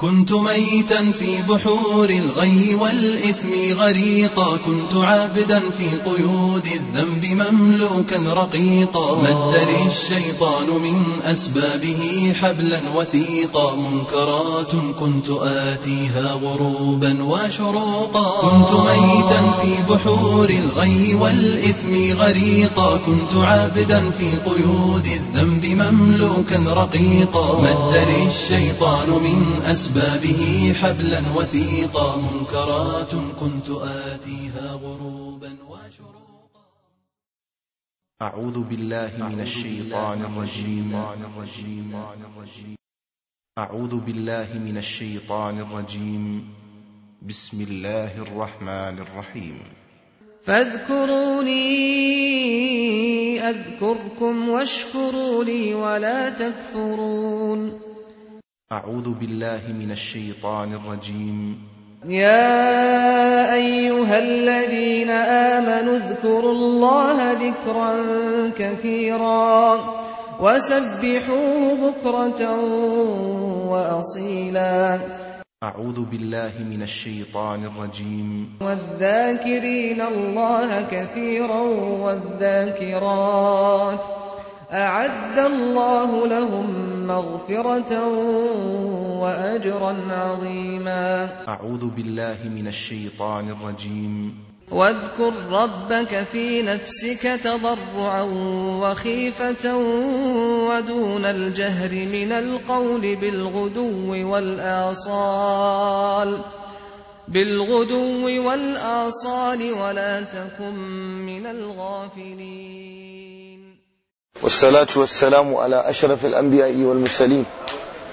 كنت ميتا في بحور الغي والإثم غريقا كنت عابدا في قيود الذنب مملوكا رقيقا مد لي الشيطان من أسبابه حبلا وثيقا منكرات كنت آتيها غروبا وشروقا كنت ميتا في بحور الغي والإثم غريقا كنت عابدا في قيود الذنب مملوكا رقيقا مد لي الشيطان من أسبابه أسبابه حبلا وثيقا منكرات كنت آتيها غروبا وشروقا أعوذ بالله من الشيطان الرجيم أعوذ بالله من الشيطان الرجيم بسم الله الرحمن الرحيم فاذكروني أذكركم واشكروا لي ولا تكفرون أعوذ بالله من الشيطان الرجيم يا أيها الذين آمنوا اذكروا الله ذكرا كثيرا وسبحوه بكرة وأصيلا أعوذ بالله من الشيطان الرجيم والذاكرين الله كثيرا والذاكرات أعد الله لهم مغفرة وأجرا عظيما أعوذ بالله من الشيطان الرجيم واذكر ربك في نفسك تضرعا وخيفة ودون الجهر من القول بالغدو والآصال بالغدو والآصال ولا تكن من الغافلين والصلاة والسلام على أشرف الأنبياء والمرسلين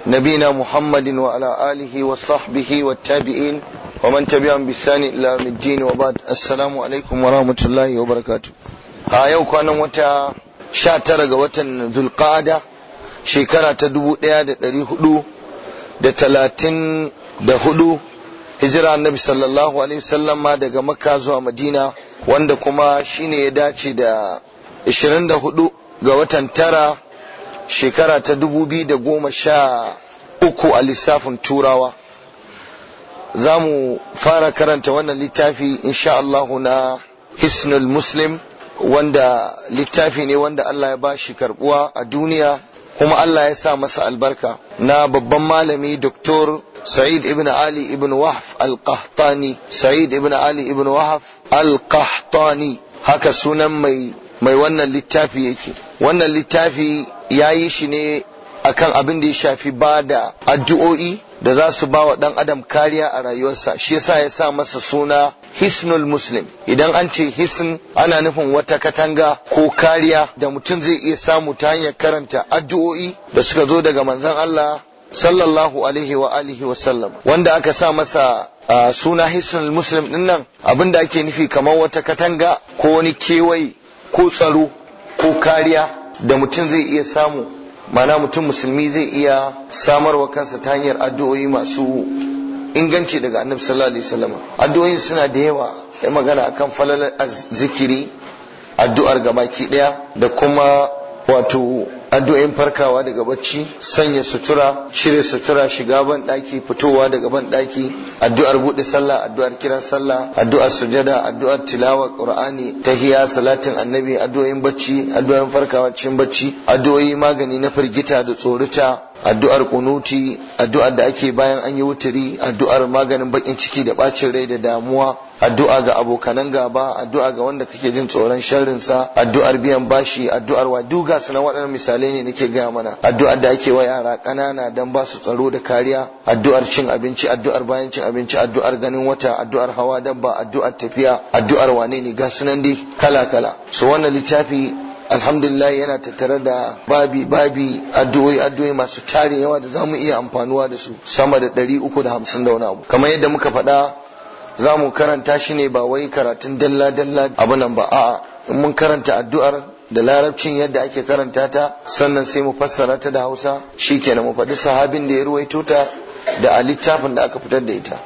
نبينا محمد وعلى آله وصحبه والتابعين ومن تبعهم بإحسان إلى الدين وبعد السلام عليكم ورحمة الله وبركاته a yau kwanan wata sha tara ga watan Zulqada, shekara ta dubu ɗaya da ɗari hudu da talatin da hijira annabi sallallahu alaihi sallama daga makka zuwa madina wanda kuma shine ya dace da 24 ga watan tara shekara ta dubu biyu da goma sha uku a lissafin turawa za mu fara karanta wannan littafi insha Allahu na hisnul muslim wanda littafi ne wanda Allah ya ba shi karbuwa a duniya kuma Allah ya sa masa albarka na babban malami doktor Sa'id ibn Ali ibn Wahf al-Qahtani Sa'id ibn Ali ibn Wahf al-Qahtani haka sunan mai mai wannan littafi yake wannan littafi ya yi shi ne akan abin da ya shafi ba da addu'o'i da za su ba wa ɗan adam kariya a rayuwarsa shi yasa ya sa masa suna hisnul muslim idan an ce hisn ana nufin wata katanga ko kariya da mutum zai iya samu ta hanyar karanta addu'o'i da suka zo daga manzon Allah sallallahu alaihi wa alihi wa sallam wanda aka sa masa suna hisnul muslim ɗin nan abin da ake nufi kamar wata katanga ko wani kewaye ko tsaro ko kariya da mutum zai iya samu mana mutum musulmi zai iya samarwa kansa ta hanyar addu'o'i masu inganci daga annabi sallallahu alaihi wasallam addu'o'in suna da yawa ya magana akan falalar zikiri addu'ar gabaki daya da kuma wato addu'in farkawa daga bacci sanya sutura shirya sutura shiga ban daki fitowa daga ban daki addu'ar buɗe sallah addu'ar kiran sallah addu'ar sujada addu'ar tilawa qur'ani tahiyya salatin annabi addu'o'in bacci addu'o'in farkawa cikin bacci addu'o'i magani na firgita da tsorita addu'ar kunuti addu'ar da ake bayan an yi wuturi addu'ar maganin bakin ciki da bacin rai da damuwa addu'a ga abokanan gaba addu'a ga wanda kake jin tsoron sharrin sa addu'ar biyan bashi addu'ar wa duga sunan waɗannan misalai ne nake gaya mana addu'ar da ake wa yara ƙanana dan ba su tsaro da kariya addu'ar cin abinci addu'ar bayan cin abinci addu'ar ganin wata addu'ar hawa dabba addu'ar tafiya addu'ar wane ne ga sunan dai kala kala so wannan littafi alhamdulillah yana tattare da babi babi addu'o'i addu'o'i masu tare yawa da zamu iya amfanuwa da su sama da ɗari uku da hamsin da wani abu kamar yadda muka faɗa zamu karanta shi ne ba wai karatun dalla dalla abu nan ba a'a in mun karanta addu'ar da larabcin yadda ake karanta ta sannan sai mu fassara ta da hausa shikenan mu faɗi sahabin da ya ruwaito ta da a littafin da aka fitar da ita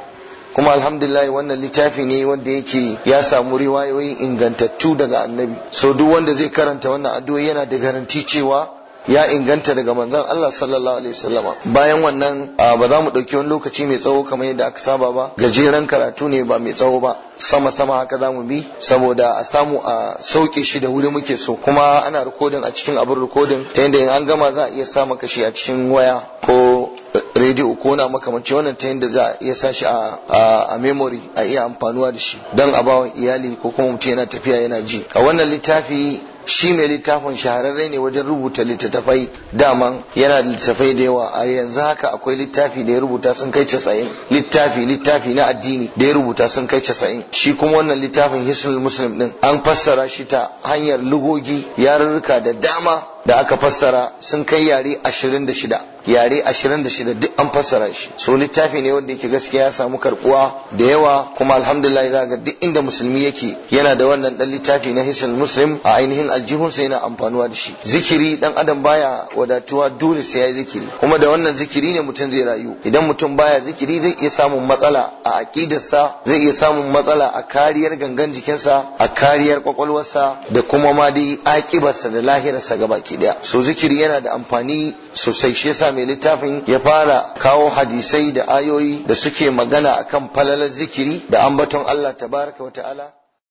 kuma alhamdulillah wannan littafi ne wanda yake ya samu riwayoyin ingantattu daga annabi so duk wanda zai karanta wannan addu'o'i yana da garanti cewa ya inganta daga manzon Allah sallallahu alaihi wasallama bayan wannan ba za mu ɗauki wani lokaci mai tsawo kamar yadda aka saba ba gajeren karatu ne ba mai tsawo ba sama sama haka za mu bi saboda a samu a sauke shi da wuri muke so kuma ana rikodin a cikin abin rikodin ta yadda in an gama za a iya sa maka shi a cikin waya ko rediyo ko na makamanci wannan ta yadda za a iya sa shi a memory a iya amfanuwa da shi don a bawa iyali ko kuma mutum yana tafiya yana ji a wannan littafi shi mai littafin shahararre ne wajen rubuta littattafai dama yana da littattafai da yawa a yanzu haka akwai littafi da ya rubuta sun kai casa'in littafi littafi na addini da ya rubuta sun kai casa'in shi kuma wannan littafin hisnul muslim din an fassara shi ta hanyar lugogi yarurruka da dama da aka fassara sun kai yare ashirin da shida yare 26 duk an fassara shi so littafi ne wanda yake gaskiya ya samu karbuwa da yawa kuma alhamdulillah za ga duk inda musulmi yake yana da wannan dan littafi na hisul muslim a ainihin aljihun sai yana amfanuwa da shi zikiri dan adam baya wadatuwa dole sai yi zikiri kuma da wannan zikiri ne mutum zai rayu idan mutum baya zikiri zai iya samun matsala a aqidarsa zai iya samun matsala a kariyar gangan jikinsa a kariyar kwakwalwarsa da kuma ma dai aƙibarsa da lahirarsa gabaki daya so zikiri yana da amfani sosai shi yasa mai littafin ya fara kawo hadisai da ayoyi da suke magana akan falalar zikiri da ambaton Allah tabaraka wa ta'ala